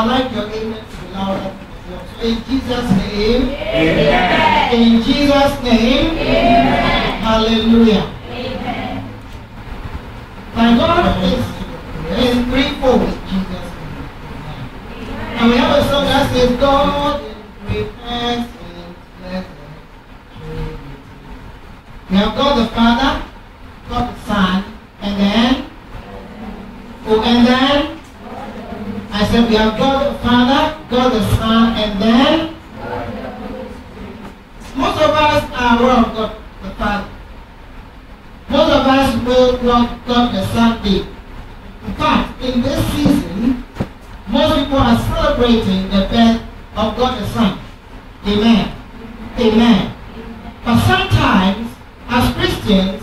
I like your amen So in Jesus' name. Amen. In Jesus' name. Hallelujah. My God is, is threefold in Jesus' name. And we have a song that says, God is prepared in blessed We have God the Father. Then we have God the Father, God the Son, and then most of us are wrong God the Father. Most of us know what God the Son did. In fact, in this season, most people are celebrating the birth of God the Son. Amen. Amen. But sometimes, as Christians,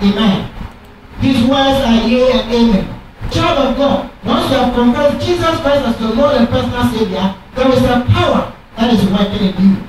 Amen. His words are yea and amen. Child of God, once you have confessed Jesus Christ as your Lord and personal Savior, there is a power that is working in you.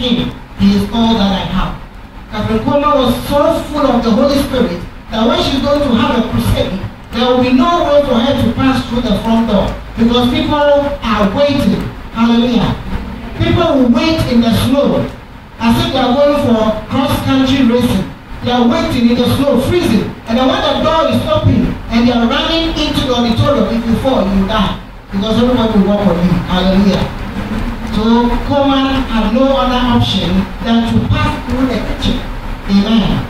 in it. He is all that I have. Catherine Coleman was so full of the Holy Spirit that when she's going to have a crusade, there will be no way for her to pass through the front door because people are waiting. Hallelujah. People will wait in the snow as if they are going for cross-country racing. They are waiting in the snow, freezing. And then when the door is open and they are running into the auditorium, if you fall, you die. Because everybody will walk on you. Hallelujah. So, Coleman had no other option than to pass through the kitchen. Amen.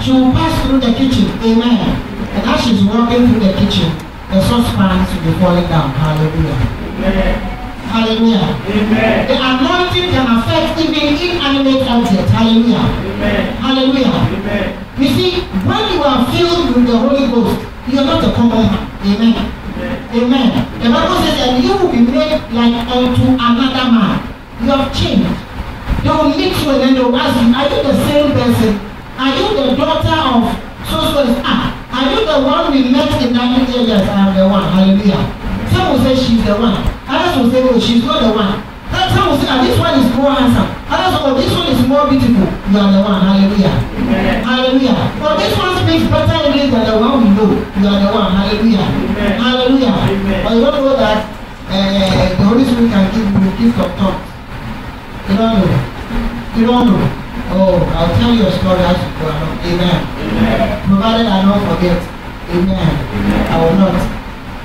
She will pass through the kitchen. Amen. And as she's walking through the kitchen, the saucepans will be falling down. Hallelujah. Amen. Hallelujah. Amen. The anointing can affect even inanimate objects. Hallelujah. Amen. Hallelujah. Amen. You see, when you are filled with the Holy Ghost, you are not a common man. Amen. Amen. The Bible says that you will be made like unto another man. You have changed. They will meet you and then they will ask you, are you the same person? Are you the daughter of so so ah, are you the one we met in Nigeria? Yes, I am the one. Hallelujah. Some will say she's the one. Others will say, no, she's not the one. That time we say, ah, this one is more handsome. Others oh, this one is more beautiful. You are the one. Hallelujah. Amen. Hallelujah. But this one speaks better English than the one we know. You are the one. Hallelujah. Amen. Hallelujah. Amen. But you don't know that uh, the Holy Spirit can give you a gift of tongues. You don't know. You don't know. Oh, I'll tell you a story as you go along. Amen. Amen. Provided I don't forget. Amen. Amen. I will not.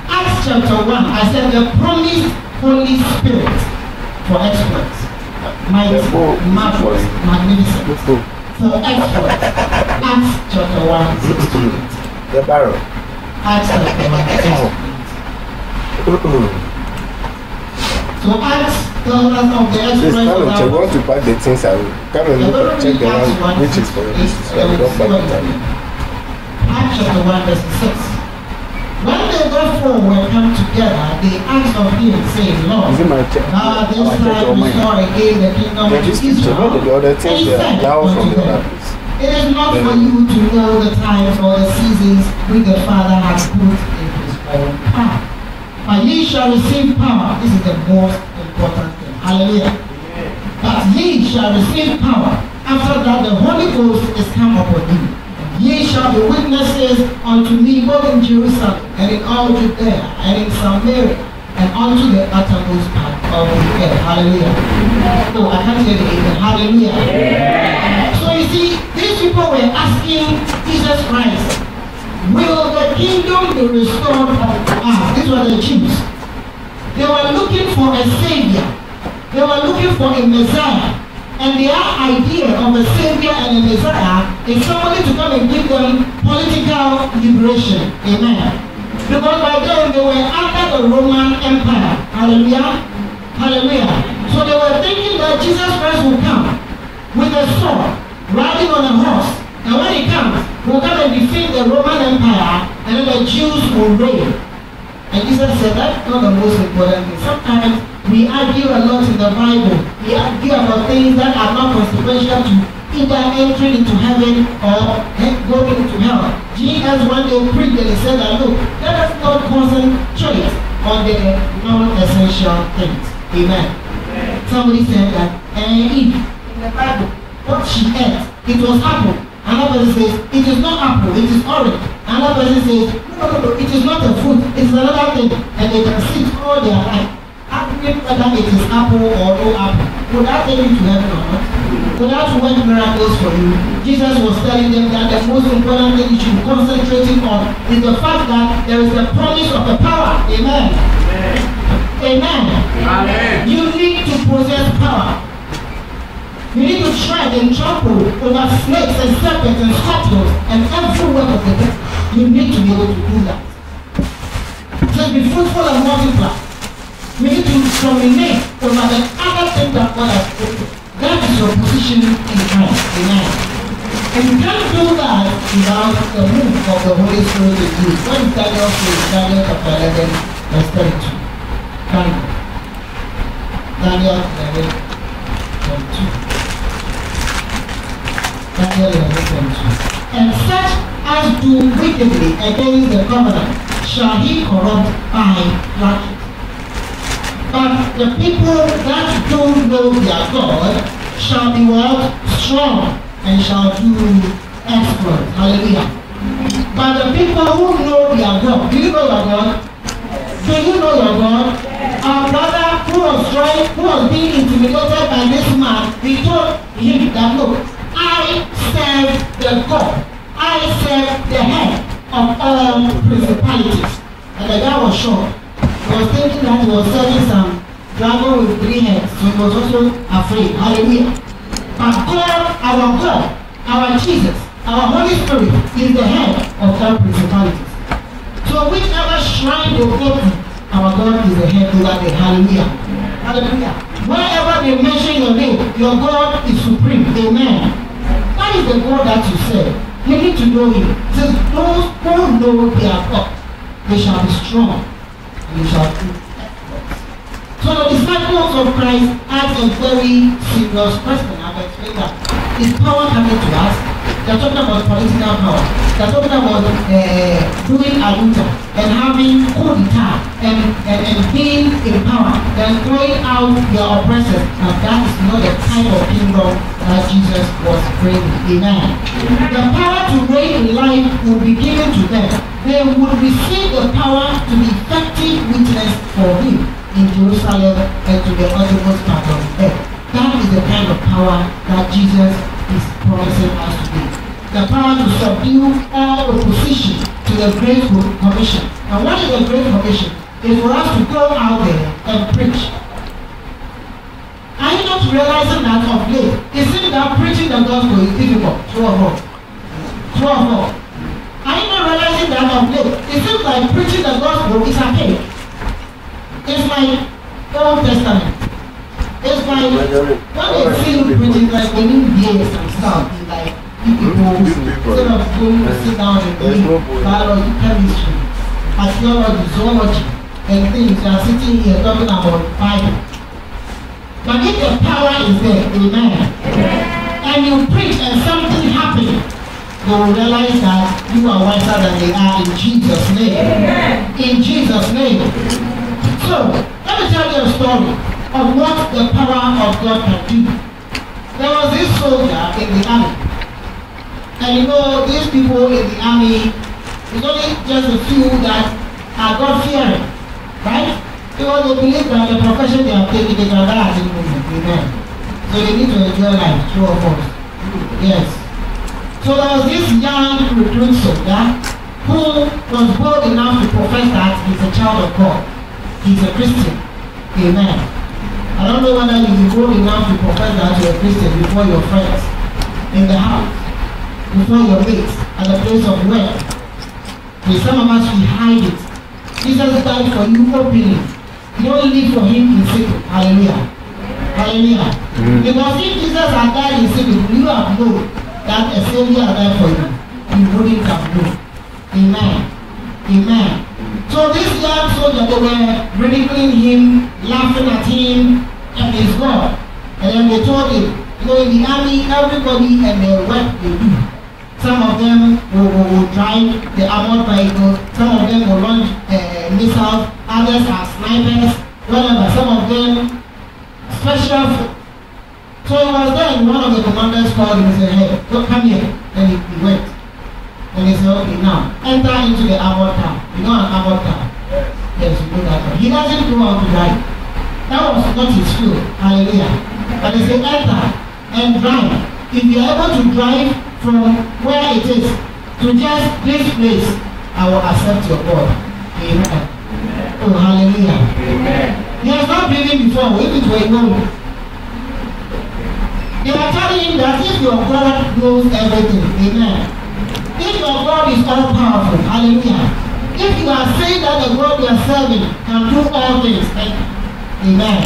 Acts chapter 1, I said the promised Holy Spirit. for exploit, mindful, marvelous, magnificent. For exploit, Acts chapter 1, 16. The barrel. Acts chapter 1, 16. So Acts tells us of the exploits of our... want to pack the things and kind of look, check the one which is for you. So we don't pack Acts chapter 1, verse 6. four will come together, they asked of him saying, Lord, now this time night restore again the kingdom of Israel. The other things they allow from the other It is not for you to know the times or the seasons which the Father has put in his own power. But ye shall receive power. This is the most important thing. Hallelujah. But ye shall receive power after that the Holy Ghost is come upon you. Ye shall be witnesses unto me both in Jerusalem and in all Judea and in Samaria and unto the uttermost part of the earth. Hallelujah. No, I can't hear the amen. Hallelujah. So you see, these people were asking Jesus Christ, will the kingdom be restored for us?" These were the Jews. They were looking for a savior. They were looking for a Messiah. And their idea of a savior and a messiah is somebody to come and give them political liberation. Amen. Because by then they were under the Roman Empire. Hallelujah. Hallelujah. So they were thinking that Jesus Christ would come with a sword, riding on a horse. And when he comes, he will come and defeat the Roman Empire and then the Jews will reign. And Jesus said that's not the most important thing. Sometimes we argue a lot in the Bible. We argue about things that are not consequential to either entering into heaven or going into hell. Jesus one day preached and he said that look, let us not concentrate on the non-essential things. Amen. Amen. Somebody said that and eh, in the Bible, what she ate, it was apple. Another person says, it is not apple, it is orange. Another person says, no, no, no, it is not a fruit, it is another thing. And they can sit all their life advocate whether it is apple or no apple. Would that take you to heaven or not? Would that work miracles for you? Jesus was telling them that the most important thing you should be concentrating on is the fact that there is the promise of the power. Amen. Amen. Amen. Amen. You need to possess power. You need to tread and trample over snakes and serpents and scorpions and every work of the devil. You need to be able to do that. Just be fruitful and multiply. may it discriminate from the other thing that God has spoken. That is your position in Christ, in life. And you can't do that without the move of the Holy Spirit in you. When Daniel says, Daniel chapter 11, verse 32. Come. Daniel 11, 32. Daniel 11, 22. And such as do wickedly against the covenant shall he corrupt by lacking. But the people that don't know their God shall be what? Strong and shall do excellent. Hallelujah. But the people who know their God, do you know your God? Do you know your God? Our brother who was trying, who was being intimidated by this man, he told him that look, I serve the God. I serve the head of all principalities. And the guy was shocked was thinking that he was serving some dragon with three heads. He was also afraid. Hallelujah. But God, our God, our Jesus, our Holy Spirit is the head of all principalities. So whichever shrine you go to, our God is the head over there. Hallelujah. Hallelujah. Wherever they mention your name, your God is supreme. Amen. That is the God that you serve. You need to know him. It says, those who know their God, they shall be strong we shall So the disciples of Christ asked a very serious question. i will explain that. Is power coming to us? They're talking about political power. They're talking about uh, doing a winter and having coup d'etat and, and, and being in power and throwing out their oppressors. Now that is not the type of kingdom that Jesus was bringing. Amen. The power to reign in life will be given to them they would receive the power to be effective witness for him in Jerusalem and to the uttermost part of the earth. That is the kind of power that Jesus is promising us to be The power to subdue all opposition to the Great Commission. And what is the Great Commission? It's for us to go out there and preach. Are you not realizing that of late? It seems that preaching the gospel is difficult. Two of not? two of not? Are you not realizing that I'm late? It seems like preaching the gospel is a pain. It's like Old Testament. It's like when they see you preaching, like they need years and stuff. Like you people instead of going to sit down and read biology, chemistry, archaeology, zoology, and things, you are sitting here talking about Bible. But if the power is there, amen. And you preach and something happens. You will realize that you are wiser than they are in Jesus' name. In Jesus' name. So, let me tell you a story of what the power of God can do. There was this soldier in the army. And you know, these people in the army, it's only just a few that are God-fearing, right? Because they believe that the profession they have taken, they can die as a movement. Amen. So they need to enjoy life, true or false. Yes. So there was this young recruit soldier who was bold enough to profess that he's a child of God. He's a Christian. Amen. I don't know whether you're bold enough to profess that you're a Christian before your friends, in the house, before your mates, at the place of work. But some of us, we hide it. Jesus died for you openly. Don't live for him in secret. Hallelujah. Hallelujah. Mm-hmm. Because if Jesus had died in secret, you have known that a savior died for you, He wouldn't have known. Amen. Amen. So this young soldier, they were ridiculing him, laughing at him, and his God. And then they told him, you know, in the army, everybody and their work they do. Some of them will, will, will drive the armored vehicle. some of them will launch uh, missiles, others are snipers, whatever. Some of them special So he was there, one of the commanders called him and said, hey, come here. And he, he went. And he said, okay, now, enter into the armored town. You know an armored town? Yes, you know that. He doesn't go out to die. That was not his skill. Hallelujah. But he said, enter and drive. If you are able to drive from where it is to just this place, I will accept your call. Amen. Oh, hallelujah. Amen. He has not driven before, even to a woman. They are telling him that if your God knows everything, amen. If your God is all powerful, hallelujah. If you are saying that the God you are serving can do all things, amen.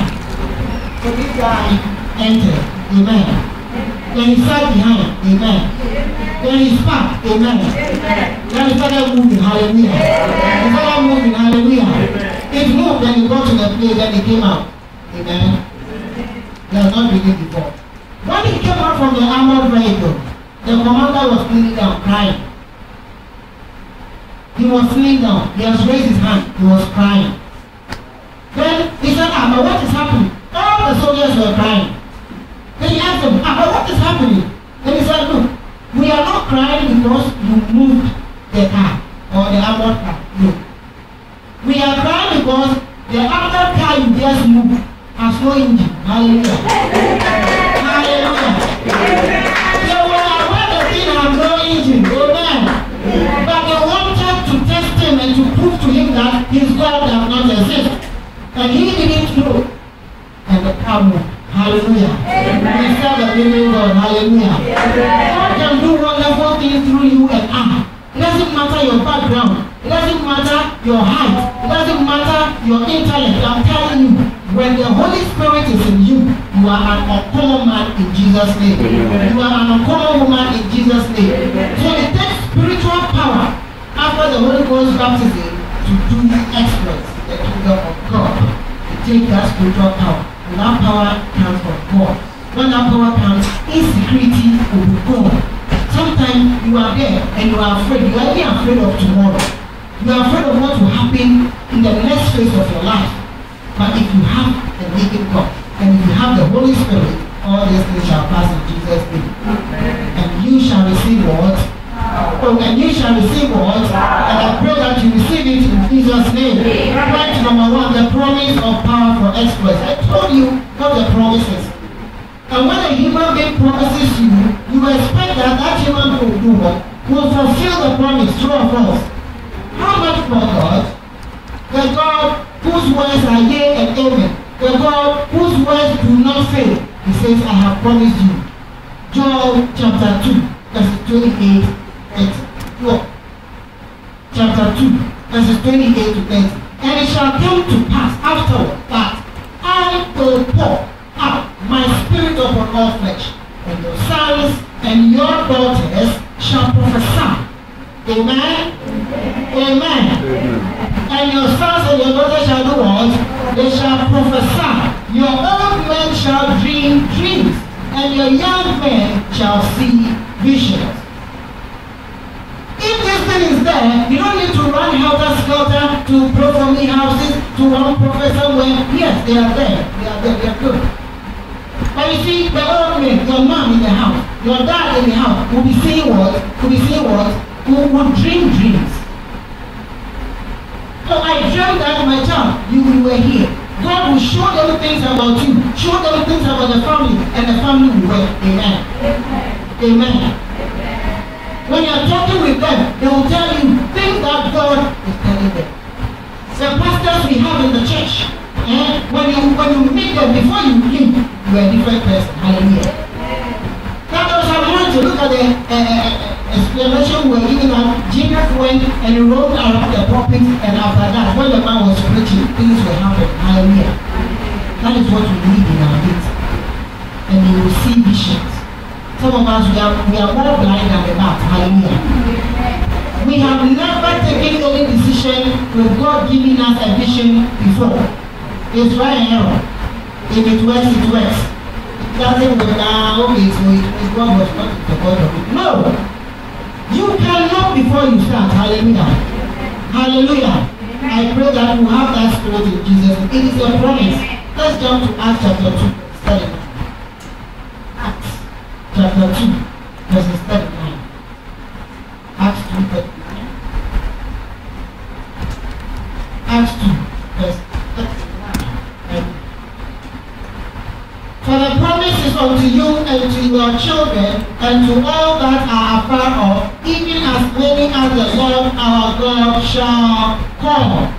So this guy entered, amen. Then he sat behind, amen. Then he spat, amen. Then he started moving, hallelujah. He started moving, hallelujah. It moved, then he got to the place, then he came out, amen. He has not believed before. When he came out from the armored vehicle, the commander was kneeling down crying. He was kneeling down. He has raised his hand. He was crying. You are an uncommon woman in Jesus' name. So it takes spiritual power after the Holy Ghost baptism to do the exploits the kingdom of God. It takes that spiritual power. And that power comes from God. When that power comes, insecurity will be gone. Sometimes you are there and you are afraid. You are even afraid of tomorrow. 2, verses 28 to 30. And it shall come to pass afterward that I will pour out my spirit upon all flesh, and your sons and your daughters shall prophesy. Amen? Amen. Amen. And your sons and your daughters shall do what? They shall prophesy. Your old men shall dream dreams, and your young men shall see visions is there. You don't need to run helter-skelter to blow from the houses to one professor where, yes, they are there. They are there. They are good. But you see, the old man, your mom in the house, your dad in the house, will be seeing what? Will be seeing what? Who will dream dreams. So I dreamt that my child, you, you were here. God will show them things about you, show them things about the family, and the family will work. Amen. Amen. Amen. When you're talking with them, they will tell you things that God is telling them. The pastors we have in the church, eh, when you when you meet them before you leave, you're a different person. Hallelujah. That was I want to look at the uh, explanation we are giving out. Jesus went and rolled around the pulpit, and after that, when the man was preaching, things will happen. Hallelujah. That is what we need in our midst. And you will see visions. Some of us, we are, we are more blind than the back. Hallelujah. We have never taken any decision with God giving us a vision before. It's right and error. If it works, it works. It doesn't work now. Okay, so it means God was not the God of it. No. You can cannot before you start. Hallelujah. Hallelujah. I pray that you have that spirit in Jesus. It is a promise. Let's jump to Acts chapter two. Study chapter 2, verses 39. Acts 2, 39. Acts 2, verse 39. And For the promise is unto you and to your children and to all that are afar off, even as many as the Lord our God shall call.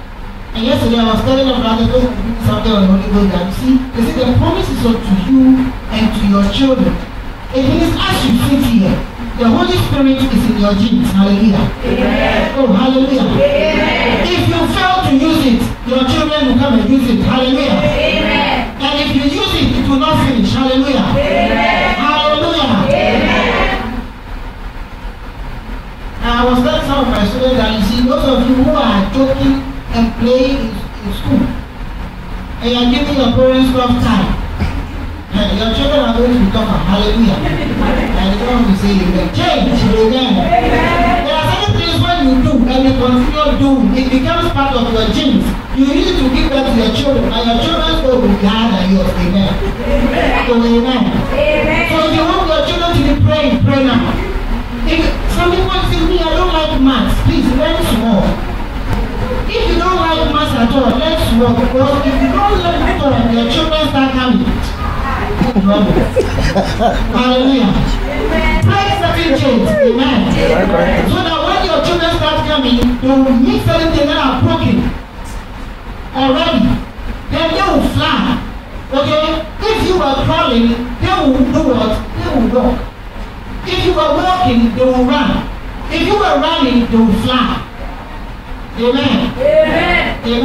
And yesterday I was telling a brother those who something on Holy Ghost you see, they say the promise is unto you and to your children It means as you sit here, the Holy Spirit is in your genes. Hallelujah. Amen. Oh, hallelujah. Amen. If you fail to use it, your children will come and use it. Hallelujah. Amen. And if you use it, it will not finish. Hallelujah. Amen. Hallelujah. Amen. I was telling some of my students that you see, those of you who are joking and playing in, in school, and you are giving your parents enough time. And your children are going to become a hallelujah. And the one will say amen. Change. Amen. There are certain things when you do and you continue doing, it becomes part of your genes. You need to give that to your children. And your children will be glad and yours. Amen. So amen. amen. So if you want your children to be praying, pray now. If some people say me, I don't like maths, please learn small. If you don't like maths at all, let's work. Because if you don't learn it all, your children start coming. Hallelujah. Praise the agent. Amen. So that when your children start coming, they will meet certain things that are broken already. Then they will fly. Okay? If you are crawling, they will do what? They will walk. If you are walking, they will run. If you are running, they will fly. Amen. Amen. Amen. Amen. Amen.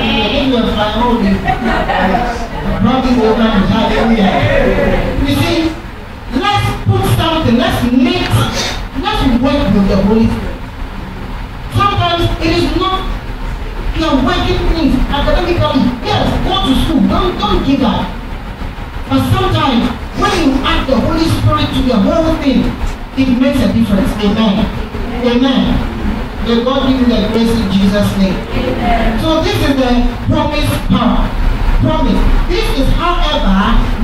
Amen. Amen. Amen. Amen. Amen brought and child everywhere. You see, let's put something, let's make, let's work with the Holy Spirit. Sometimes it is not your working things academically. Yes, go to school. Don't don't give up. But sometimes when you add the Holy Spirit to the whole thing, it makes a difference. Amen. Amen. May God give you the grace in Jesus' name. Amen. So this is the promised power promise. This is, however,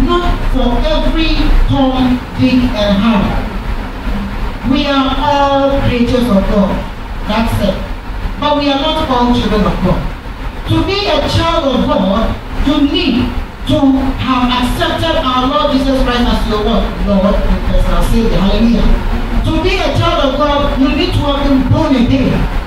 not for every Tom, Dick, and Harry. We are all creatures of God. That's it. But we are not all children of God. To be a child of God, you need to have accepted our Lord Jesus Christ as your Lord. Lord, because I'll the hallelujah. To be a child of God, you need to have been born again.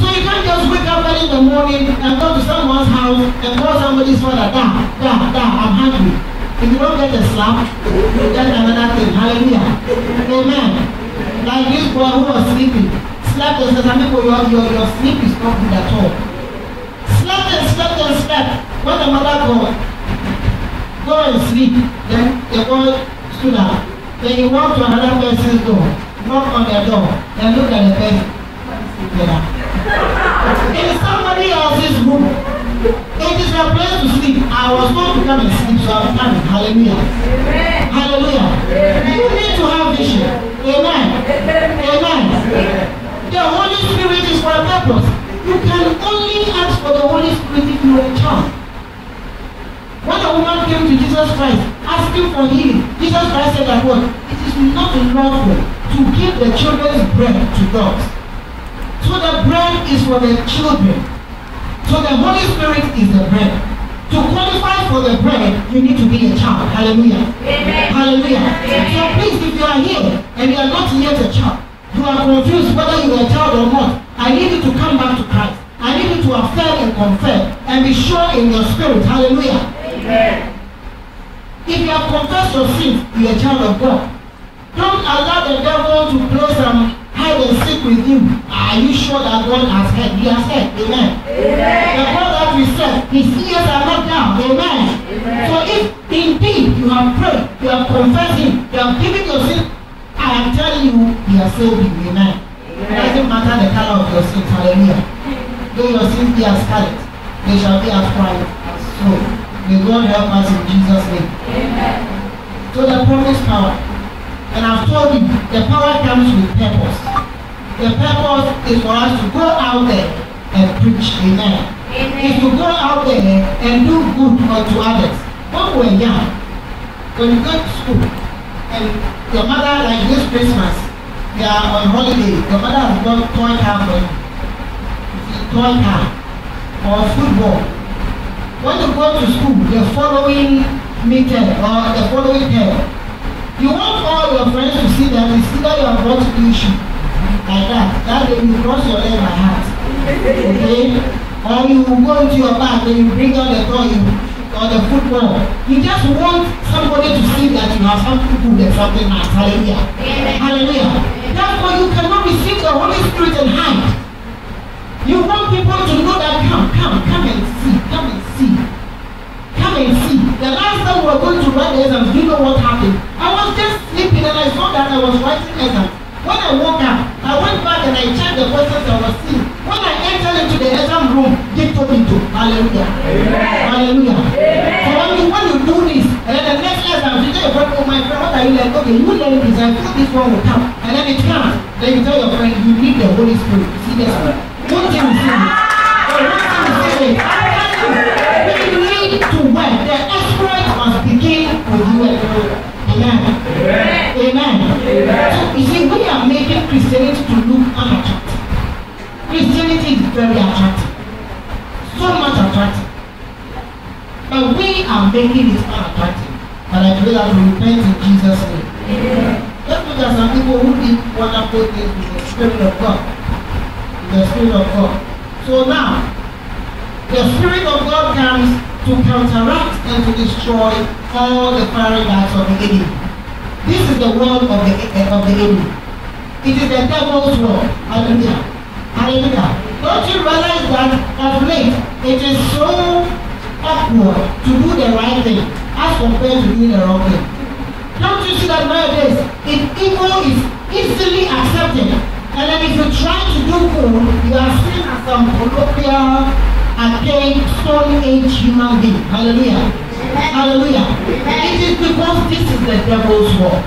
So you can't just wake up early in the morning and go to someone's house and call somebody's father, da, da, da, I'm hungry. If you don't get a slap, that's another thing. Hallelujah. Amen. Like this boy who was sleeping. Slept and said, some people, your, your, your sleep is not good at all. Slept and slept and slept. When the mother goes, go and sleep. Then the boy stood up. Then he walked to another person's door, knocked on their door, and looked at the person. Yeah. In somebody else's room, it is my place to sleep. I was not to come and sleep, so I'm coming. Hallelujah. Amen. Hallelujah. Amen. You need to have vision. Amen. Amen. The Holy Spirit is for a purpose. You can only ask for the Holy Spirit if you are a child. When a woman came to Jesus Christ asking for healing, Jesus Christ said that what? It is not lawful to give the children's bread to dogs. So the bread is for the children. So the Holy Spirit is the bread. To qualify for the bread, you need to be a child. Hallelujah. Amen. Hallelujah. Amen. So please, if you are here and you are not yet a child, you are confused whether you are a child or not, I need you to come back to Christ. I need you to affirm and confirm and be sure in your spirit. Hallelujah. Amen. If you have confessed your sins, you are a child of God. Don't allow the devil to play some I will seek with you. Are you sure that God has heard? He has heard. Amen. Amen. The God that we serve, his ears are not down. Amen. Amen. So if indeed you have prayed, you have confessed him, you have given your sin, I am telling you, he has saved you. Amen. It doesn't matter the color of your sin, Hallelujah. Though your sins be as scarlet, they shall be as white as snow. May God help us in Jesus' name. Amen. So the promised power. And I've told you, the power comes with purpose. The purpose is for us to go out there and preach. Amen. Amen. Is to go out there and do good unto others. When we are young, when you go to school, and your mother, like this Christmas, we are on holiday, your mother has bought toy car for you. Toy car or football. When you go to school, the following meeting or the following term, you want all your friends to see that it's either you are brought to issue like that. That way you cross your leg like that. Okay? Or you go into your bag and you bring out the toy or the football. You just want somebody to see that you have something good and something nice. Hallelujah. Amen. Hallelujah. Therefore, you cannot receive the Holy Spirit and hide. You want people to know that come, come, come and see, come and see. Come and see. The last time we were going to write the exams, you know what happened? I was just sleeping and I saw that I was writing exams. When I woke up, I went back and I checked the voices I was seeing. When I entered into the exam room, they told me to. Hallelujah. Amen. Hallelujah. Amen. So when you, when you do this, and then the next lesson, you tell your friend, oh my friend, what are you like? Okay, you learn this. I thought this one will come. And then it comes. Then you tell your friend, you need the Holy Spirit. You see this one? One thing you see. One thing you see. When you need to work, the Amen. Amen. Amen. Amen. You see, we are making Christianity to look unattractive. Christianity is very attractive. So much attractive. But we are making it unattractive. And I pray that we repent in Jesus' name. Amen. Let's look at some people who did wonderful things with the Spirit of God. With the Spirit of God. So now, the Spirit of God comes to counteract and to destroy all the fiery darts of the enemy. This is the world of the, uh, of the enemy. It is the devil's world. Hallelujah. Hallelujah. Don't you realize that of late it is so awkward to do the right thing as compared to doing the wrong thing? Don't you see that nowadays if evil is easily accepted and then if you try to do good, you are seen as some colloquial against stone age human being. Hallelujah. Amen. Hallelujah. Amen. It is because this is the devil's war.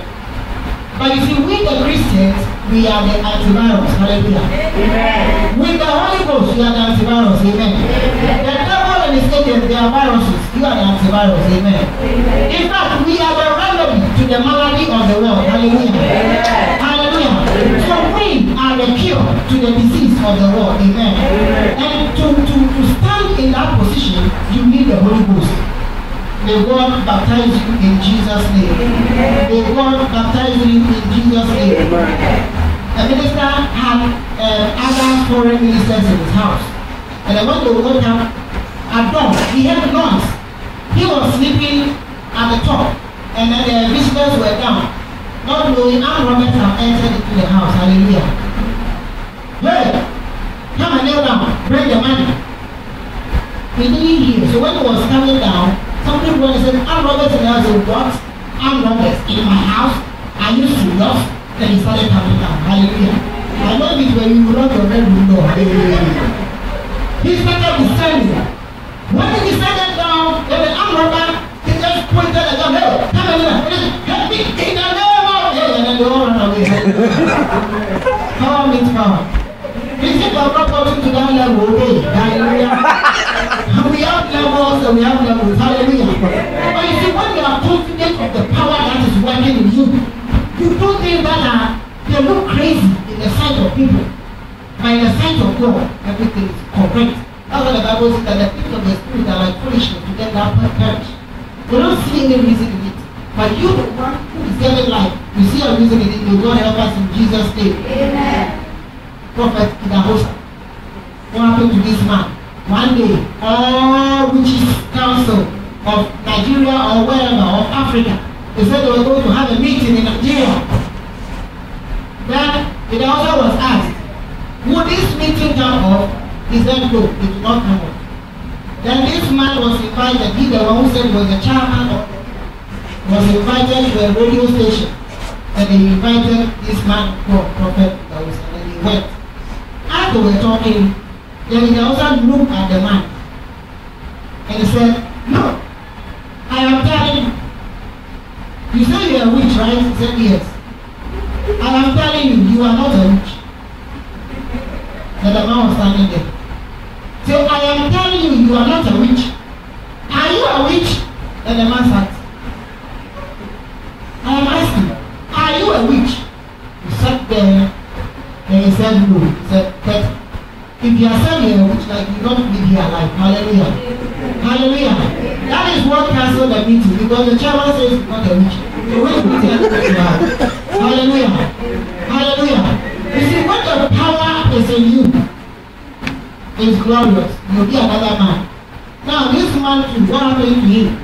But you see, we the Christians, we are the antivirus. Hallelujah. Amen. With the Holy Ghost, we are the antivirus. Amen. Amen. The devil and his agents, they are viruses. You are the antivirus. Amen. Amen. In fact, we are the remedy to the malady of the world. Hallelujah. Amen. So we are the cure to the disease of the world. Amen. Amen. And to, to, to stand in that position, you need the Holy Ghost. May God baptize you in Jesus' name. May God baptize you in Jesus' name. The minister had uh, other foreign ministers in his house. And I went to woke up at dawn. He had noise. He was sleeping at the top. And then the visitors were down. Not knowing I'm Robert entered into the house. Hallelujah. Well, come and kneel down. Bring the money. He didn't hear. So when he was coming down, somebody went and said, I'm Robert. And I said, what? I'm Robert. In my house, I used to love. And he started coming down. Hallelujah. I know this when you love your red will know. Hallelujah. He started to descending. When he started down, they were, I'm Robert. He just pointed at said, hey, come and let me. Help me. we Come are not Hallelujah. we have levels and we have levels. Hallelujah. But you see, when you are confident of the power that is working in you, you do things that are, uh, they look crazy in the sight of people. in the sight of God, everything is correct. That's what the Bible says that the things of the Spirit are like foolishness to the that perish. We are not seeing the reason in it. But you, the one who is getting life, We see your music in it. May God help us in Jesus' name. Amen. Prophet Idahosa. What happened to this man? One day, all witches council of Nigeria or wherever, of Africa, they said they were going to have a meeting in Nigeria. Then Idahosa was asked, would this meeting come off? He said, no, it did not come off. Then this man was invited, he the one who said was the chairman of was invited to a radio station and they invited this man called Prophet Dawes and he went. As they were talking, then he also looked at the man and he said, Look, I am telling you. You say you are a witch, right? He said, Yes. I am telling you, you are not a witch. That the man was standing there. So I am telling you, you are not a witch. Are you a witch? And the man said, they are selling like you don't live here like hallelujah hallelujah that is what cancel the meeting because the chairman says it's not a rich. the way we tell people to have hallelujah hallelujah you see when the power is in you is glorious you be another man now this man too what happened to him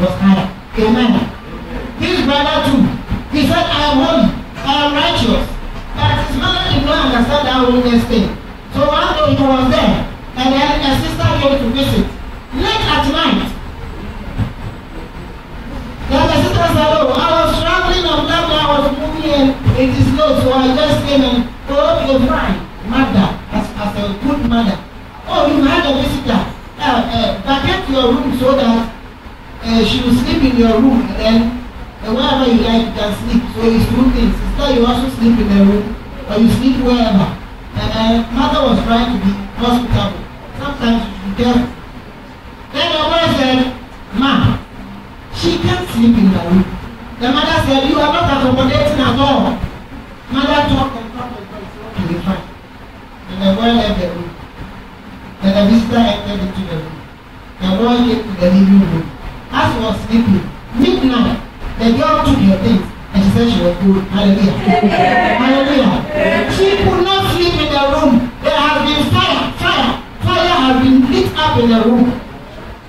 was Adam. Amen. This brother too, he said, I am holy, I am righteous. But his mother did not understand that holiness thing. So one day he was there, and then a sister came to visit. Late at night, then the sister said, oh, I was traveling on that I was moving and it is low, so I just came and told your friend, mother, as, as a good mother. Oh, you had a visitor. Uh, uh, vacate your room so that uh, she will sleep in your room and then uh, wherever you like you can sleep so it's two things either you also sleep in the room or you sleep wherever and uh, mother was trying to be hospitable sometimes you should be careful then the mother said ma she can't sleep in the room the mother said you are not accommodating at all mother talked and talked and talked until he fine and the boy left the room then the visitor entered into the room the boy came to the living room as she was sleeping, midnight, the girl took her things and she said she was good. Hallelujah. Hallelujah. She could not sleep in the room. There has been fire, fire, fire has been lit up in the room.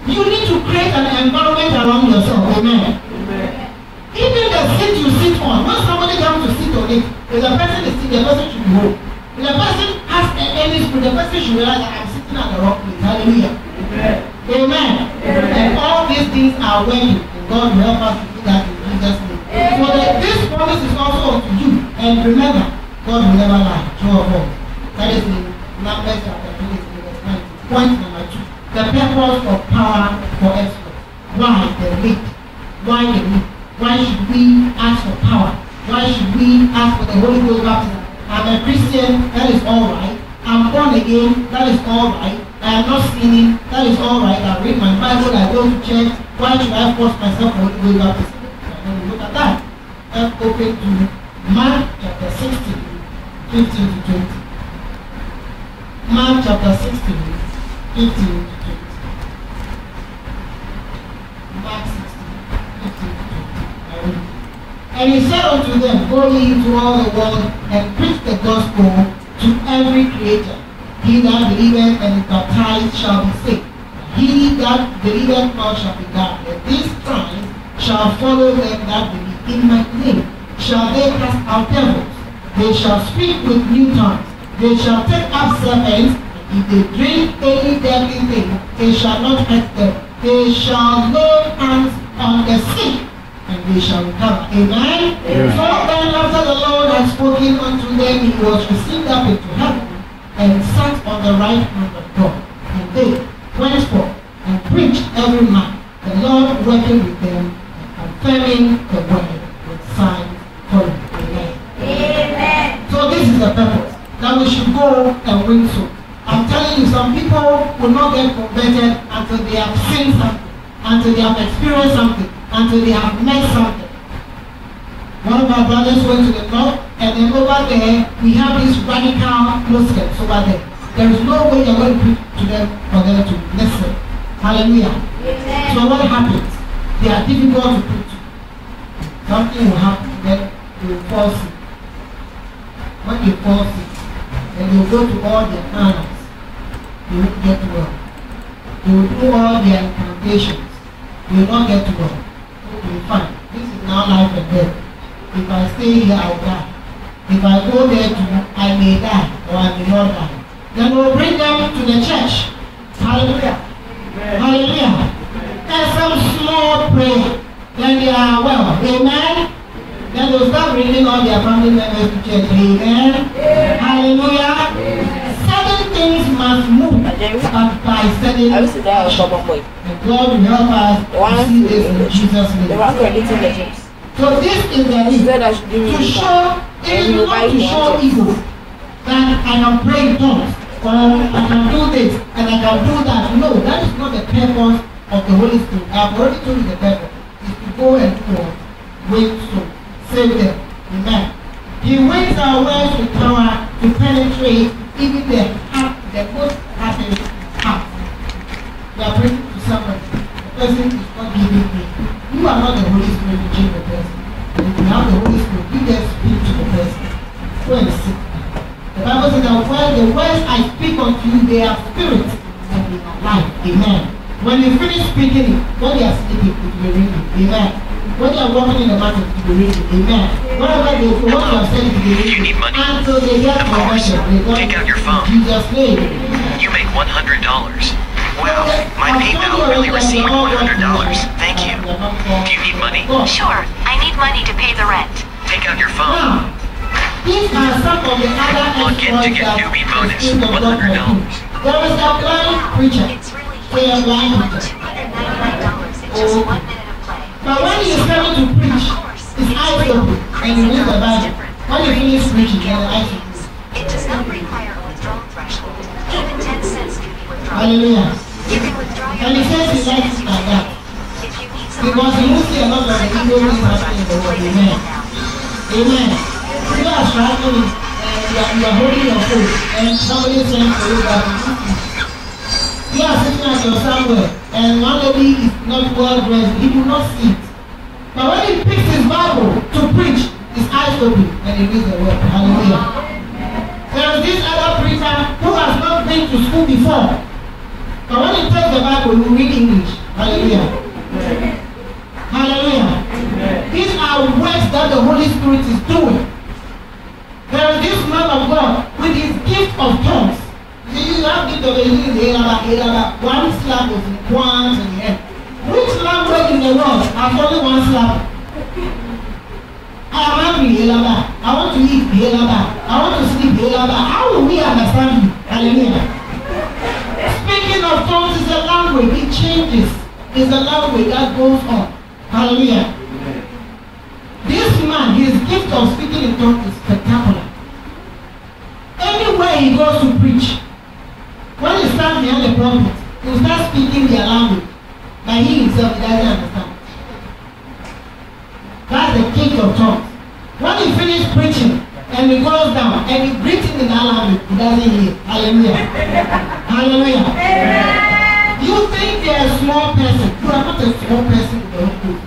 You need to create an environment around yourself. Amen. Amen. Even the seat you sit on, when somebody comes to sit on it, if the person is sitting, the person should be home. If the person has an enemy, the person should realize that I'm sitting at the wrong place. Hallelujah. Amen. Amen. Amen. And all these things are waiting. God will help us to do that in Jesus' name. So that this promise is also to you. And remember, God will never lie. True or false. That is in Numbers chapter 3, verse 19. Point number two. The purpose of power for exploit. Why the need? Why the need? Why should we ask for power? Why should we ask for the Holy Ghost baptism? I'm a Christian, that is all right. I'm born again, that is all right. I am not sinning. That is all right. I read my Bible. I go to church. Why should I force myself to Holy Baptist? And we look at that. I open to Mark chapter 16, 15 to 20. Mark chapter 16, 15 to 20. Mark 16, 15 to 20. And he said unto them, Go ye into all the world and preach the gospel to every creature. He that believeth and is baptized shall be saved. He that believeth not shall be damned. These signs shall follow them that believe in my name. Shall they cast out devils? They shall speak with new tongues. They shall take up serpents. If they drink any deadly thing, they shall not hurt them. They shall lay hands on the sick, and they shall recover. Amen? Amen. So then after the Lord had spoken unto them, he was received up into heaven and sat on the right hand of God. And they went forth and preached every man, the Lord working with them and confirming the word with signs following. Amen. Amen. So this is the purpose that we should go and win souls. I'm telling you, some people will not get converted until they have seen something, until they have experienced something, until they have met something. One of our brothers went to the north and then over there, we have these radical Muslims over there. There is no way you're going to preach to them for them to listen. Hallelujah. Amen. So what happens? They are difficult to preach. Something will happen, then they will fall sick. When they fall sick, then you will go to all their panels. you will get well. You will do all their incantations. You will not get well. They will be fine. This is now life and death. If I stay here, I'll die. If I go there, I may die or I may not die. Then we'll bring them to the church. Hallelujah. Hallelujah. That's some small prayer. Then they are well. Amen. Then they'll start bringing all their family members to church. Amen. Hallelujah. Yeah. Certain things must move, but by certain the And God will help us One, see this in Jesus' name. So this is the need to show If you want to show evil that I am praying tongues or I can do this and I can do that. No, that is not the purpose of the Holy Spirit. I've already told you the purpose is to go and do what? Wait so save them. Amen. He waits our words with power to penetrate even the heart, the most happy heart. You are praying to someone. The person is not giving me. You are not the Holy Spirit to change the person. And you have the Holy Spirit, you just speak to the person The Bible says that while the words I speak unto you, they are spirit and they are life. Amen. When you finish speaking when they are sleeping, it will ring. Amen. When they are walking in the market, it will Amen. Whatever they do, what you are saying, it will ring. You need money? Until they get of course. Take out your phone. Jesus' name. You make $100. Well, my PayPal really received $100. Thank you. Do you need money? Sure. I need money to pay the rent. Take out your phone. Log in to get newbie bonus, $100. It's really huge. $299 in just one minute of play. But when you start to preach, it's out there, and you read the Bible. When you finish preaching, you're It does not require a withdrawal threshold. Even 10 cents can be withdrawn. Hallelujah. And he says he likes it like that. Because he will a lot of the injuries happening in the world. Amen. Amen. You are struggling and you are, you are holding your food and somebody is saying to you that you are sitting at your somewhere and one lady is not well dressed, he will not see it. But when he picks his Bible to preach, his eyes open and he reads the word. Hallelujah. There is this other preacher who has not been to school before. But when you take the Bible, you read English. Hallelujah. Amen. Hallelujah. Amen. These are works that the Holy Spirit is doing. There is this man of God with his gift of tongues. You have gift of a one slap of one and the air. Which language in the world has only one slap? I am hungry, I want to eat, I want to sleep, I want to sleep, I I want to sleep. How will we understand you? Hallelujah of tongues is a language. It changes. It's a language that goes on. Hallelujah. Amen. This man, his gift of speaking in tongues is spectacular. Anywhere he goes to preach, when he stands behind the prophet, he starts speaking their language. But he himself doesn't understand. That's the king of tongues. When he finished preaching, and he falls down and he breathes in Arabic, he doesn't hear. Hallelujah. Hallelujah. Amen. You think you're a small person. You are not a small person in the whole group.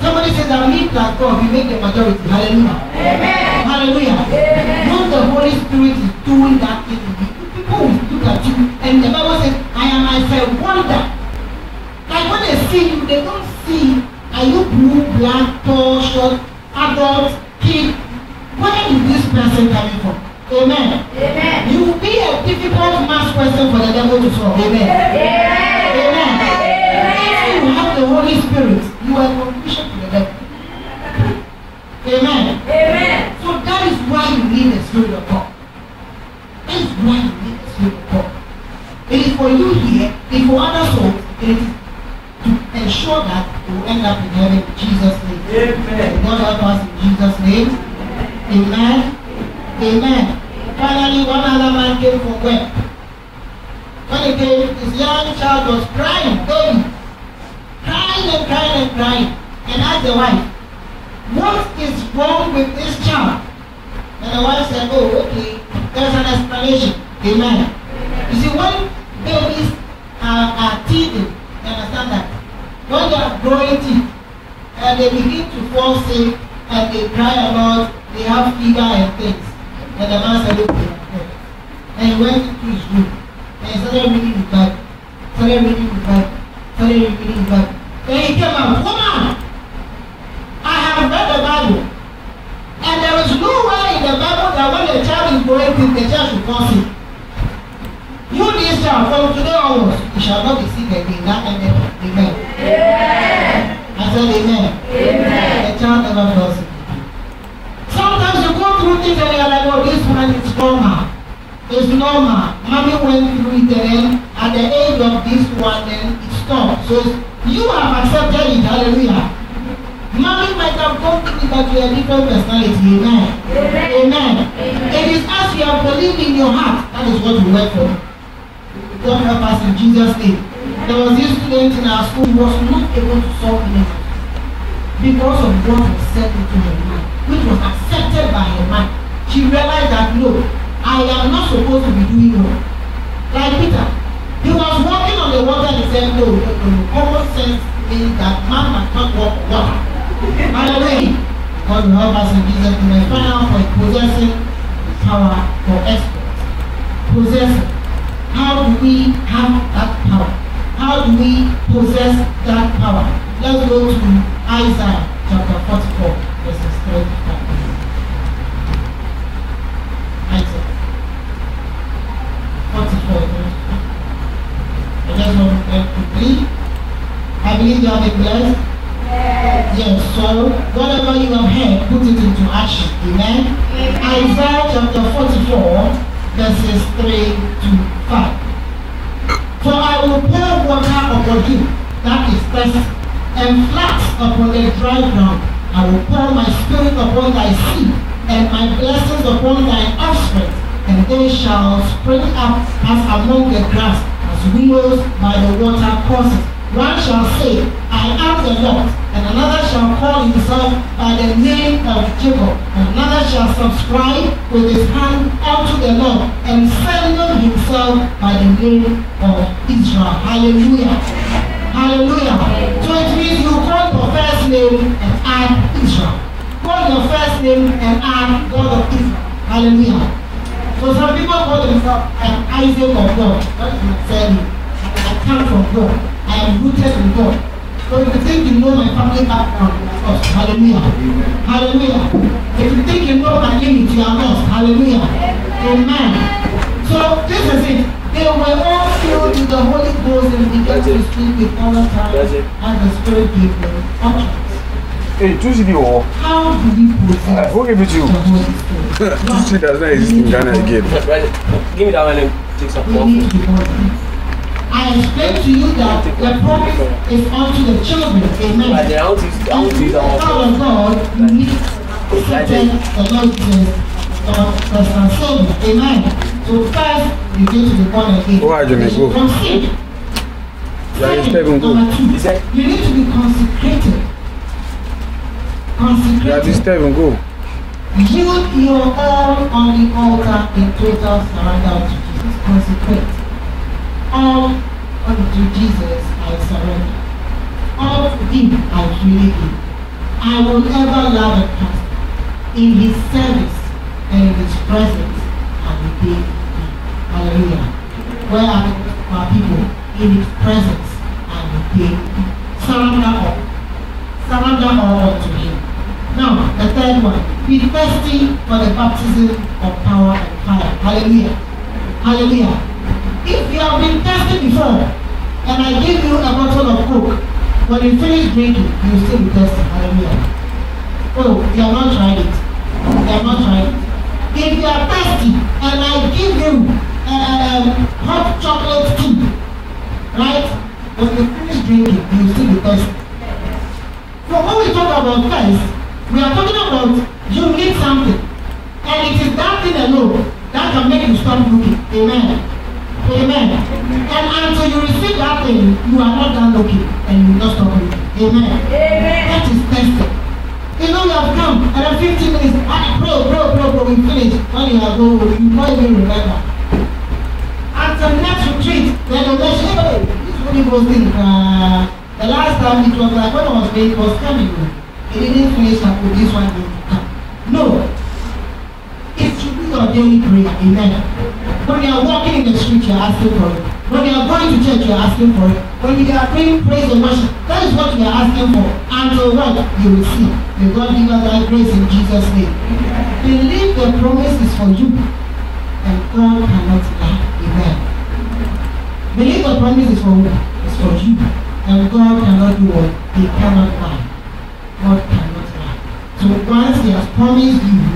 Somebody says, I need that God, you make the majority. Hallelujah. Amen. Hallelujah. Amen. Not the Holy Spirit is doing that thing in you. People will look at you and the Bible says, I am myself a wonder. Like when they see you, they don't see, are you blue, black, tall, short, adult, kid, Where is this person coming from? Amen. Amen. You will be a difficult mass person for the devil to solve. Amen. Amen. Amen. If you have the Holy Spirit, you are confusion to the devil. Amen. Amen. So that is why you need the Spirit of God. That is why you need the Spirit of God. It is for you here, it is for other souls, it is to ensure that you end up in heaven in Jesus' name. Amen. God help us in Jesus' name. Amen. Amen. Finally, one other man came from where? When he came, his young child was crying, baby. Crying and crying and crying. And asked the wife, what is wrong with this child? And the wife said, oh, okay, there's an explanation. Amen. You see, when babies are, are teething, you understand that? When they are growing teeth, and they begin to fall sick, and they cry a lot, they have fever and things. And the man said, okay, And he went to his room and he started reading the Bible. Started reading the Bible. Started reading the Bible. Then he came out, woman, I have read the Bible. And there is nowhere in the Bible that when a child is born, the child should cause it. You this child from today onwards, you shall not be sick again. That ended. Amen. Amen. I said amen. Amen. The child never sitting there are like, oh, this man is normal. It's normal. Mommy went through it then at the age of this one then it stopped. So you have accepted it, hallelujah. Mommy might have gone through it but you are different personality. Amen. Amen. Amen. Amen. It is as you have believed in your heart, that is what you work for. God help us in Jesus' name. There was this student in our school who was not able to solve it because of what was said into her mind, which was accepted by her mind she realized that no, I am not supposed to be doing wrong. Like Peter, he was walking on the water and he said, no, no, no, common sense means that man cannot walk on water. By the way, God will help us in Jesus to my final point, possessing power for export. Possessing. How do we have that power? How do we possess that power? Let's go to Isaiah chapter 44, verses 35. I believe you have been blessed. Yes. yes. So whatever you have heard, put it into action. Amen. Yes. Isaiah chapter 44, verses 3 to 5. For I will pour water upon him that is thirsty, and floods upon the dry ground. I will pour my spirit upon thy seed, and my blessings upon thy offspring, and they shall spring up as among the grass, willows by the water courses. One shall say, I am the Lord, and another shall call himself by the name of Jacob, and another shall subscribe with his hand unto the Lord, and sandal himself by the name of Israel. Hallelujah. Hallelujah. So it means you call your first name and add Israel. Call your first name and add God of Israel. Hallelujah. So some people call themselves, I am Isaac of God, not necessarily. I come from God. I am rooted in God. So if you think you know my family background, you are lost. Hallelujah. Amen. Hallelujah. If you think you know my lineage, you are lost. Hallelujah. Amen. Amen. So this is it. They were all filled with the Holy Ghost and began to speak with other tongues as the Spirit gave them Hey, two CD or? How do you uh, Who gave it to you? two CD does not exist in Ghana again. Give me that one and take some more. I explain to you that the promise is unto the children. Amen. But the want to use, I want to power. of God, you need to take the Lord Jesus, uh, the Son Amen. So first, you go to the corner again. Why do you make go? Consider. Second, number two, you need to be consecrated. That is Stephen, go. Yield your all on the altar in total surrender to Jesus. Consecrate. All unto Jesus I surrender. All to Him I freely give. I will ever love and trust in His service and in His presence I the day. Hallelujah. Where are my people? In His presence and the day. Surrender all. Surrender all to Him. Now, the third one. Be thirsty for the baptism of power and fire. Hallelujah. Hallelujah. If you have been thirsty before, and I give you a bottle of coke, when you finish drinking, you still be thirsty. Hallelujah. Oh, you have not tried it. You have not tried it. If you are thirsty and I give you um, hot chocolate tea, right? When you finish drinking, you still be thirsty. So when we talk about thirst, We are talking about you need something. And it is that thing alone that can make you stop looking. Amen. Amen. And until you receive that thing, you are not done looking and you not stop looking. Amen. Amen. That is testing. You know, we have come and in 15 minutes, ah, bro, bro, bro, bro, we finish. When you are you might even remember. At the next retreat, then the next hey, this Holy Ghost thing, uh, the last time it was like when I was, it was coming. cleaning and this one. No. It should be your daily prayer. Amen. When you are walking in the street, you are asking for it. When you are going to church, you are asking for it. When you are praying praise and worship, that is what you are asking for. Until what you will see. May God give us that grace in Jesus' name. Believe the promise is for you. And God cannot lie. Amen. Believe the promise is for you. It's for you. And God cannot do what? He cannot lie. I promise you.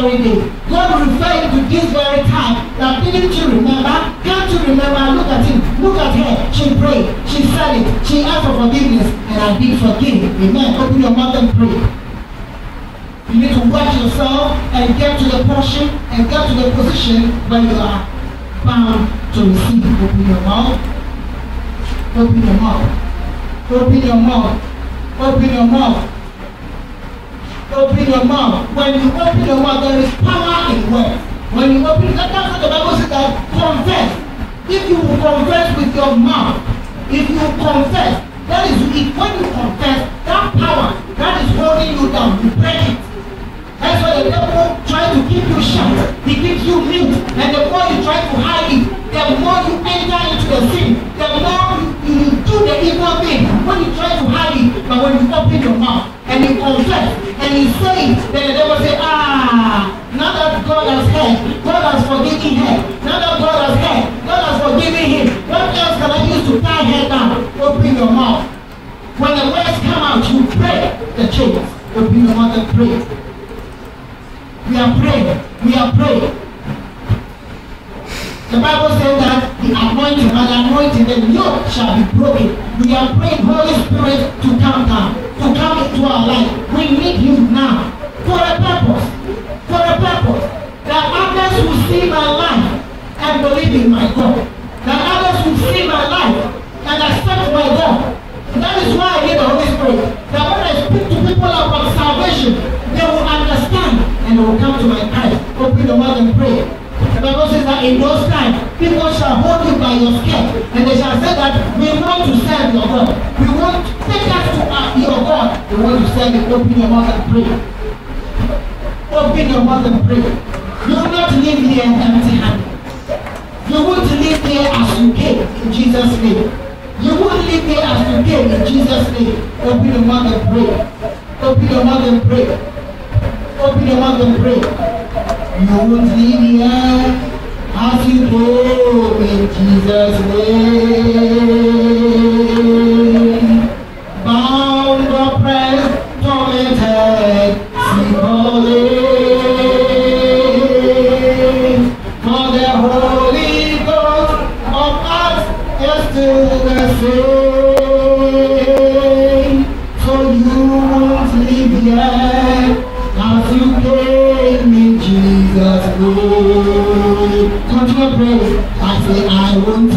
very day. God referred to this very time that didn't you remember? Can't you remember? Look at him. Look at her. She prayed. She said it. She asked for forgiveness. And I did forgive. Amen. Open your mouth and pray. You need to watch yourself and get to the portion and get to the position where you are bound to receive. Open your mouth. Open your mouth. Open your mouth. Open your mouth. open your mouth. When you open your mouth, there is power in words. When you open, that's what the Bible says that confess. If you confess with your mouth, if you confess, that is if, When you confess, that power that is holding you down, you break it. That's why the devil tries to keep you shut. He keeps you mute. And the more you try to hide it, the more you enter into the sin. The more you, you do the evil thing when you try to hide it, but when you open your mouth and you confess and you say it, then the devil say, ah, now that God has helped, God has forgiven him. Now that God has helped, God has forgiven him. What else can I use to tie her down? Open your mouth. When the words come out, you pray the chains. Open your mouth and pray. We are praying. We are praying. The Bible says that the anointing, and the anointing, the yoke shall be broken. We are praying Holy Spirit to come down, to come into our life. We need Him now for a purpose. For a purpose. That others will see my life and believe in my God. That others will see my life and accept my God. That is why I need the Holy Spirit. That when I speak to people about salvation, they will understand and they will come to my eyes. Open the mouth and pray. The Bible says that in those times, people shall hold you by your skirt, and they shall say that we want to serve your God. We want take us to uh, your God. We want to serve you. Open your mouth and pray. Open your mouth and pray. You will not leave here empty-handed. You won't leave here as you came in Jesus' name. You won't leave here as you came in Jesus' name. Open your mouth and pray. Open your mouth and pray. Open your mouth and pray. You will see me as you go in Jesus' name. Bound oppressed. 좋은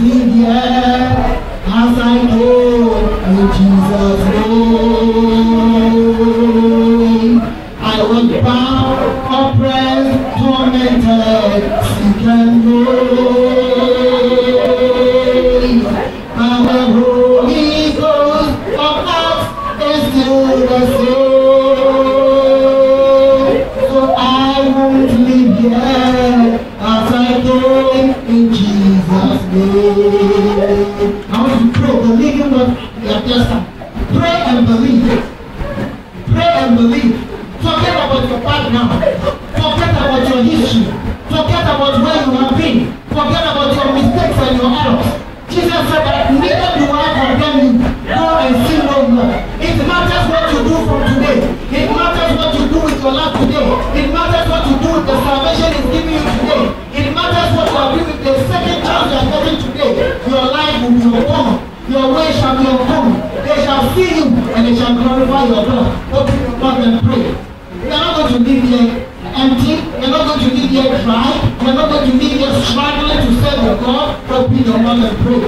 struggling to serve your God, open your mouth and pray.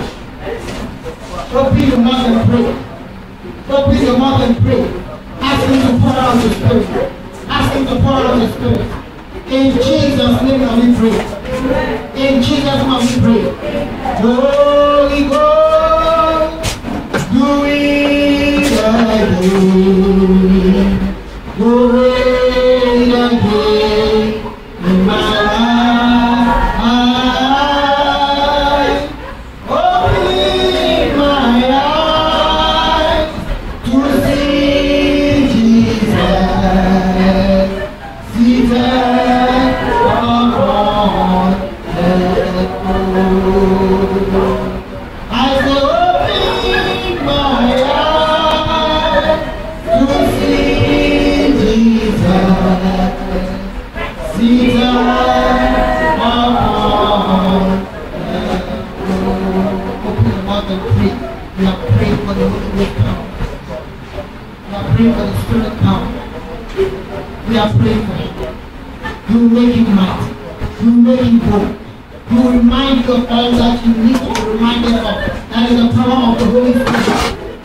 Open your mouth and pray. Open your mouth and pray. Ask him to pour out his spirit. Ask him to pour out his spirit. In Jesus' name I we pray. In Jesus' name I we pray. Holy Ghost, do it like you. Do it. all that you need to be reminded of. That is the power of the Holy Spirit.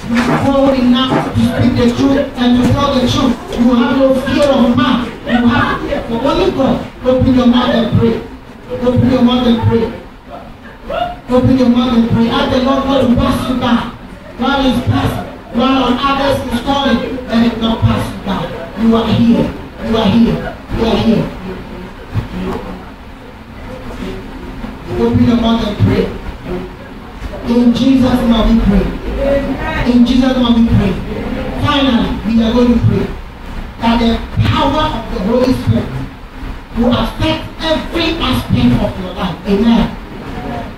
You are bold enough to speak the truth and to tell the truth. You have no fear of man. You have fear for only God. Open your mouth and pray. Open your mouth and pray. Open your mouth and the Holy Spirit, that the power of the Holy Spirit will affect every aspect of your life. Amen.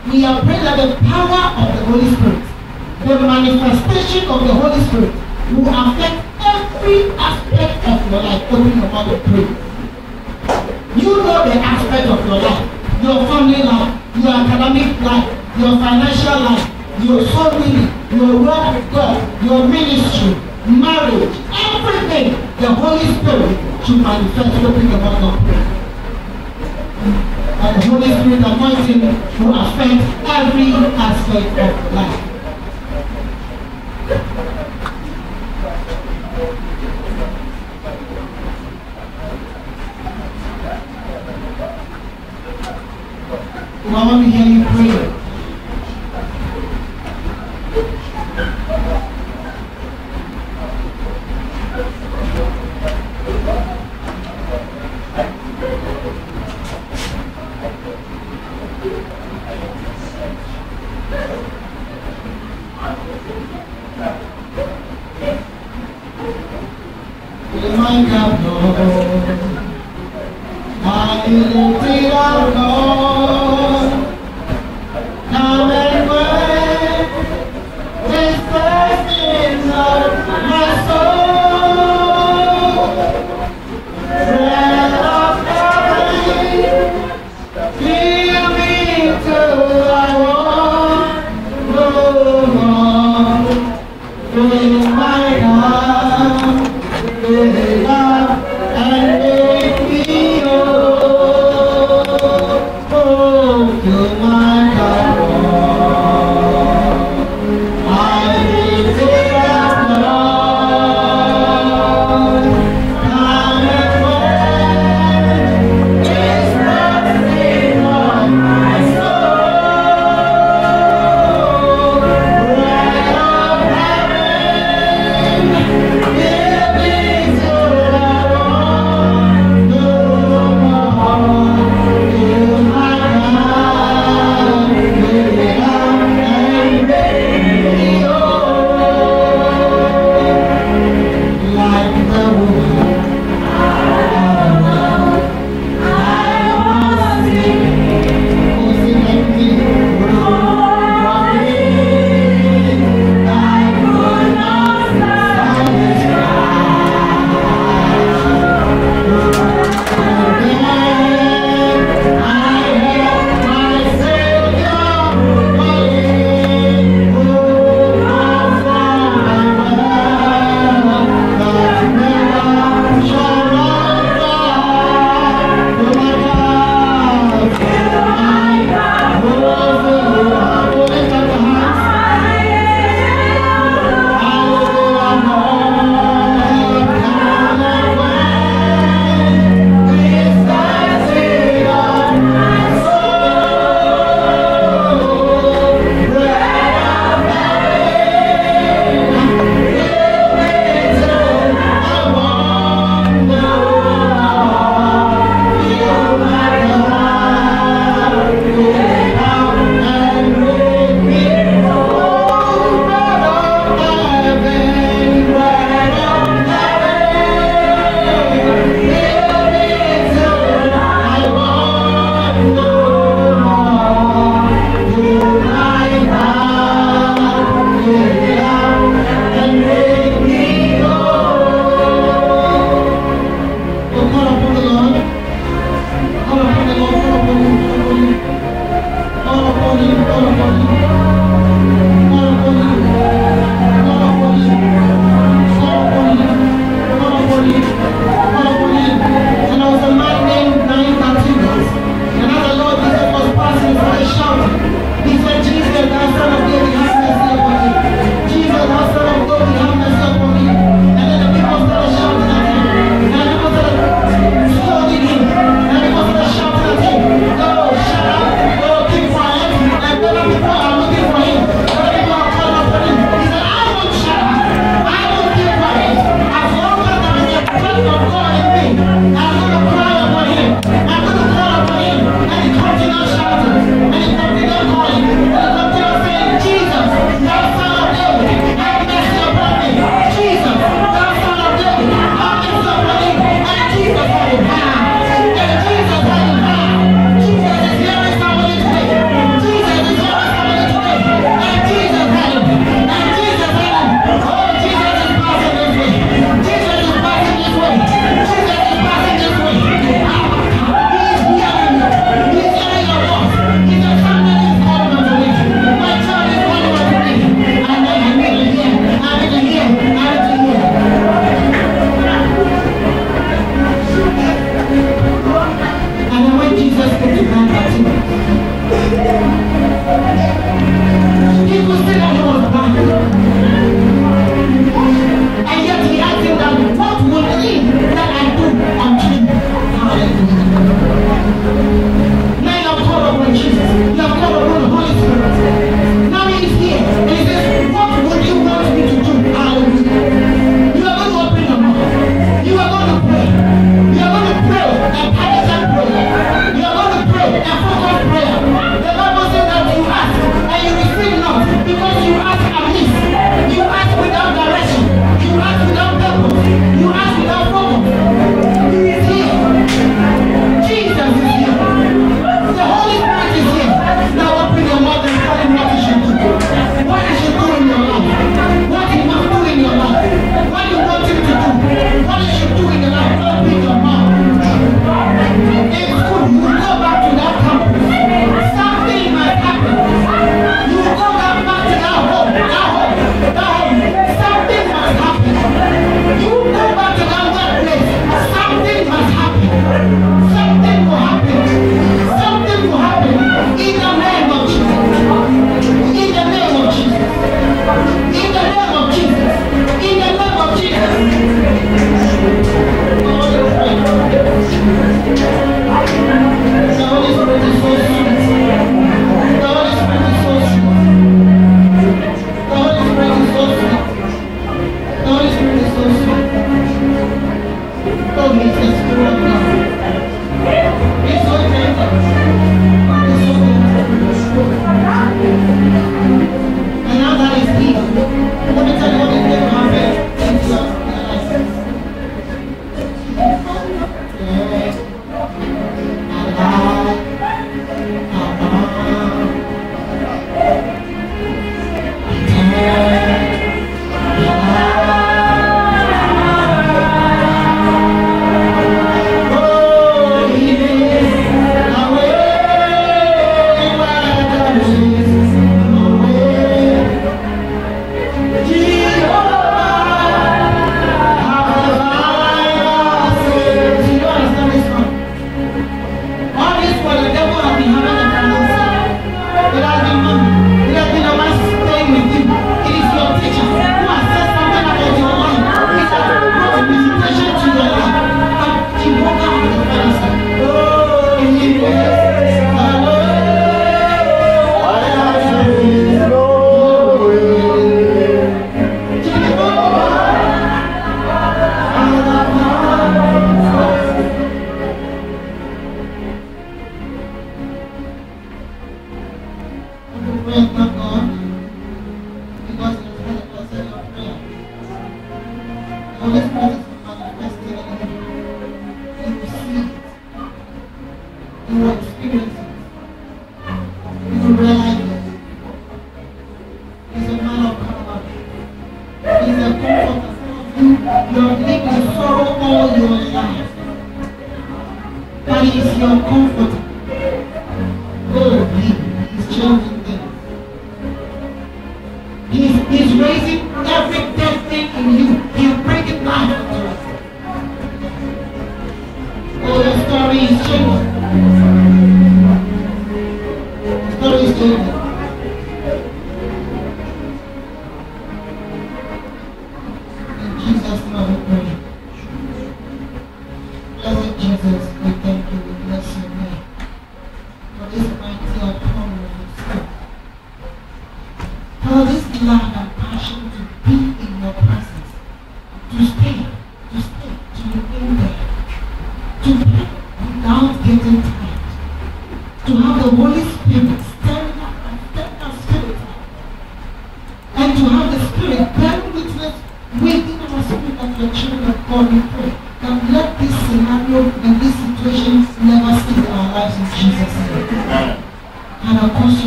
We are praying that the power of the Holy Spirit, the manifestation of the Holy Spirit, will affect every aspect of your life. Open your mouth and pray. You know the aspect of your life, your family life, your academic life, your financial life, your soul your work with God, your ministry, marriage, everything, the Holy Spirit should manifest something about mouth prayer. And the Holy Spirit anointing to affect every aspect of life. Mama, we hear you pray.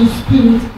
Christian spirit